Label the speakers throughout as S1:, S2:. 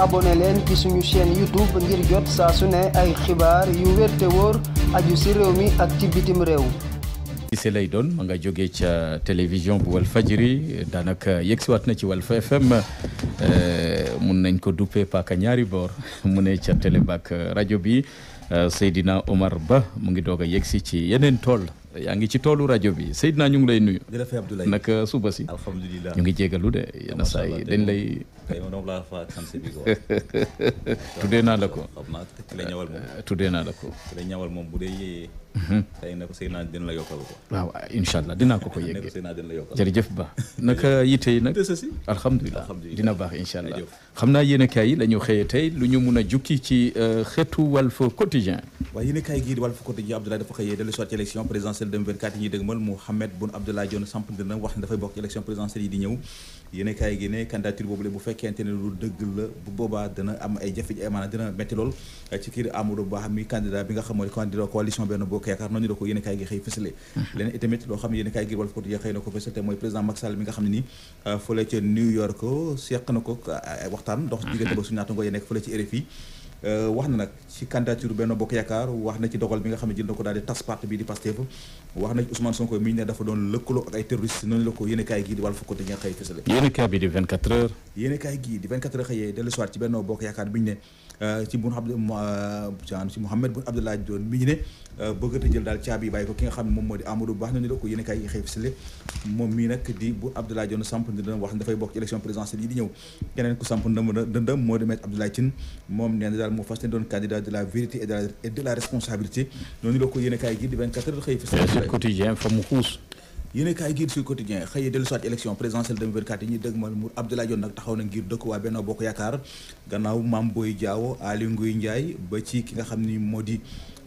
S1: abonné leen ci suñu chaîne YouTube ngir saa su ne ay xibaar yu wér te wóor aju si réew mi ak ci bitim réew. Cissé lay doon ma nga jógee ca télévision bu Walf Fadjri daanaka yegsiwaat na ci walfa FM euh, mun nañ ko duppee paaka ñaari boor mu ne ca télé baak rajo bi. Eh, Seydina Omar Ba mu ngi doog a yegsi ci yeneen tool yaa ngi ci toolu rajo bi Seydina ñu ngi lay nuyu.
S2: jërëjëf Abdoulaye naka eh, suba si.
S1: alhamdulilah ñu ngi jégalu de yenn saa yi dañ lay.
S2: tuddee naa la ko. Eh, tuddee naa la ko.
S1: tey mhm. na ko Seydina dina la yokkal ko. waaw incha allah dinaa ko ko yeggee. jërëjëf ba naka yite yi nag. alhamdulilah dina baax incha allah. xam naa yéen a yi la xëyee tey lu ñu mun a jukki ci euh, xeetu Walf Quotidien
S2: waaye yéen a gii di Walf Quotidien Abdoulaye dafa xëyee dellu soit ci élection présidentielle 2024 yi ñuy dëgmal Mouhamed Boun Abdallah Dionne samp na wax ne dafay bokk ci élection présidentielle yi di ñëw yéen a gi ne candidature boobu le bu fekkente ne lu dëgg la bu boobaa dina am ay jafe-jafe maanaam dina lool ci kii Amadou Ba mi candidat bi nga xam waxtaan dox ci mhm. diggante ba suñu naatango yi nekk fële ci RFI euh, wax na nag ci candidature Benno Bokk Yaakaar wax na ci dogal bi nga xam ne ko daal di tas parti bii di Pastef wax na ci Ousmane Sonko mi ñu ne dafa doon lëkkaloo ak ay terroristes noonu la ko yéen kaay gii di wàllu fukk dañuy xëy fësale yéen bi di 24 heures yéen kaay gii di 24 heures xëyee dellu soir ci Benno Bokk Yaakaar bi ñu ne Euh, ci bun abd euh, ci Mouhamed bun Abdallah Dionne mi ñu ne euh, bëggata jël daal caabi bàyyi ko ki nga xam moom moo di Amadou Ba ne ni ko yéen a kaay xëy fisale moom mii nag di bun Abdallah Dionne samp ndëndam wax ne dafay bokk ci élection présidentielle yi di ñëw keneen ku samp ndëndam moo di Maître Abdoulaye Tine moom nee na daal moo fas ne doon candidat de la vérité et de la responsabilité noonu la ko yéen a kaay gi di 24 heures xëy fisale quotidien fa mu xuus yéen kaay giir Sud Quotidien xëy dellu soit élection présidentielle 2024 yi ñuy dëgmal mu Abdoulaye Dione nag taxaw na ngir dëkk waa Benno Bokk Yaakaar gannaaw Mame Boye Diao Aly Ngouille Ndiaye ba ci ki nga xam ni moo di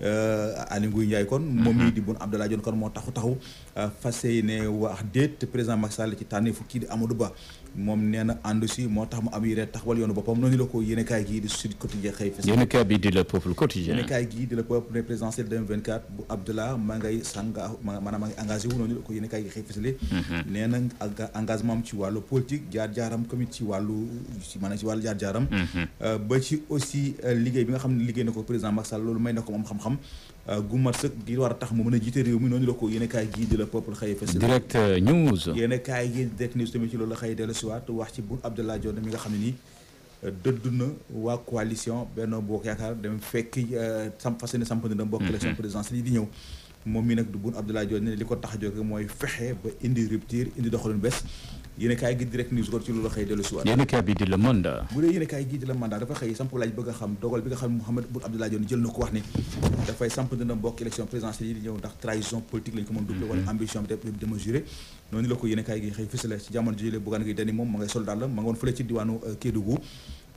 S2: Euh, Aly Ngouille Ndiaye kon mhm. moom mii di Boun Abdallah Dionne moo taxu taxu euh, fas yéene wax déet président Macky ci tànneefu kii di Amadou Ba moom nee na moo tax mu am yéene taxawal yoonu boppam noonu la ko yéene kaay gii di Sud Quotidien xëy fes yéene
S1: bi di le peuple quotidien yéene kaay
S2: di le peuple présidentiel 2024 bu Abdallah maa sanga maanaam maa ngi wu noonu la ko yéene gi xëy fesale mhm. nee engagement ci wàllu xam euh, gu mat gi war a tax mu mën a jiite réew mi noonu la ko yéen a kaay gii di la peuple xëy fas direct news yéen a kaay gii di direct news tamit ci loolu la xëy dellu wax ci Boun Abdallah Dionne mi nga xam ne nii euh, dëdd na waa coalition Benno Bokk Yaakaar dem fekki euh, sam fas yéene samp na mbokk élection di ñëw moom mi nag du Boun Abdallah Dionne li ko tax a jóge mooy fexe ba indi rupture indi doxalin bés yéen kaay gi direct news ci loolu xëy dellu si waat yéen bi di le monde bu dee yéen gi di le mandat dafa xëy samp laaj bëgg a xam dogal bi nga xam ne Mouhamed Boun jël na ko wax ne dafay samp dina bokk élection présidentielle yi di ñëw ndax trahison politique lañ ko mën duble wala mhm. ambition bi te démesuré noonu la ko yéen gi xëy fësale ci jamono jile Bougane Gueye Dany moom ma ngay soldat la ma nga woon fële ci diwaanu euh, Kédougou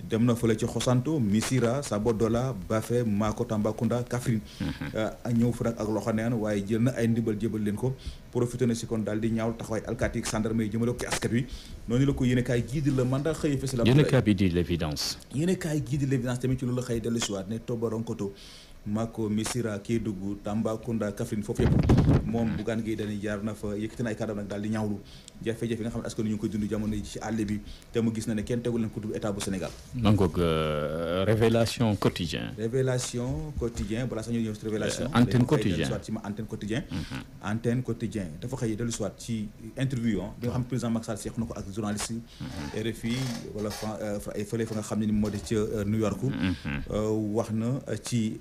S2: dem na fa la ci Xosanto Missira Sabodola Bafé Mako Tambacounda Kaffrine. Mhm. Euh, ñëw fa nag ak loxo neen waaye jël na ay ndimbal jébal leen ko profité na si kon daal di ñaaw taxawaay alkaati ak gendarme yi jëmale ko ci askat wi noonu la ko yéenekaay gii di la mandat xëy fës la yéenekaay bi di l'évidence yéenekaay gii di l'évidence tamit ci loolu xëy dellu si waat ne tobaronkoto Mako Missira Kédougou Tambacounda Kaffrine foofu yëpp moom Bougane Gueye Dany jaar na fa yëkkati na ay kàddaam nag daal di ñaawlu jafe-jafe nga xam ne ji ci àll bi te mu gis na ne kenn tegul leen kutub euh, euh, ma antenne quotidien mm-hmm. antenne quotidien dafa xëy dellu soit ci ah. mm-hmm. euh, ni moo di ca New York mm-hmm. wax na ci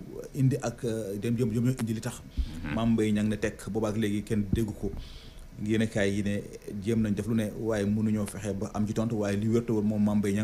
S2: indi ak dem jom jom ñoo indi li tax mhm. Mame ñan Niang teg tekk ak léegi kenn dégg ko yéen a kaay yi ne jéem nañ def lu ne waaye mënuñoo fexe ba am ji tontu waaye li wérta woon moom Mame Mbaye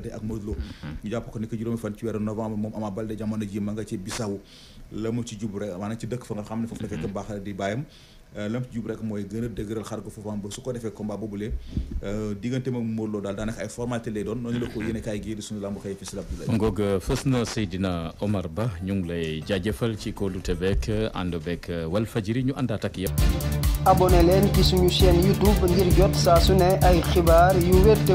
S2: Baldé ak Modou Lo mm-hmm. ñu jàpp ko ni ko juróomi fan ci weeru moom Ama Baldé jamono la mu ci jub rek maanaam ci dëkk fa nga xam ne foofu la fekk mm-hmm. baax di bàyyam euh, lam ci a ko euh, ay formalité lay doon noonu la ko mm-hmm. yéene kaay gii suñu lamb xëy fi si Abdoulaye
S1: ngoog euh, fës ci kóolute beek ànd beek Walfadjri ñu àndaat ak yëpp leen ci suñu chaîne YouTube ngir jot saa su ne ay xibaar yu wér te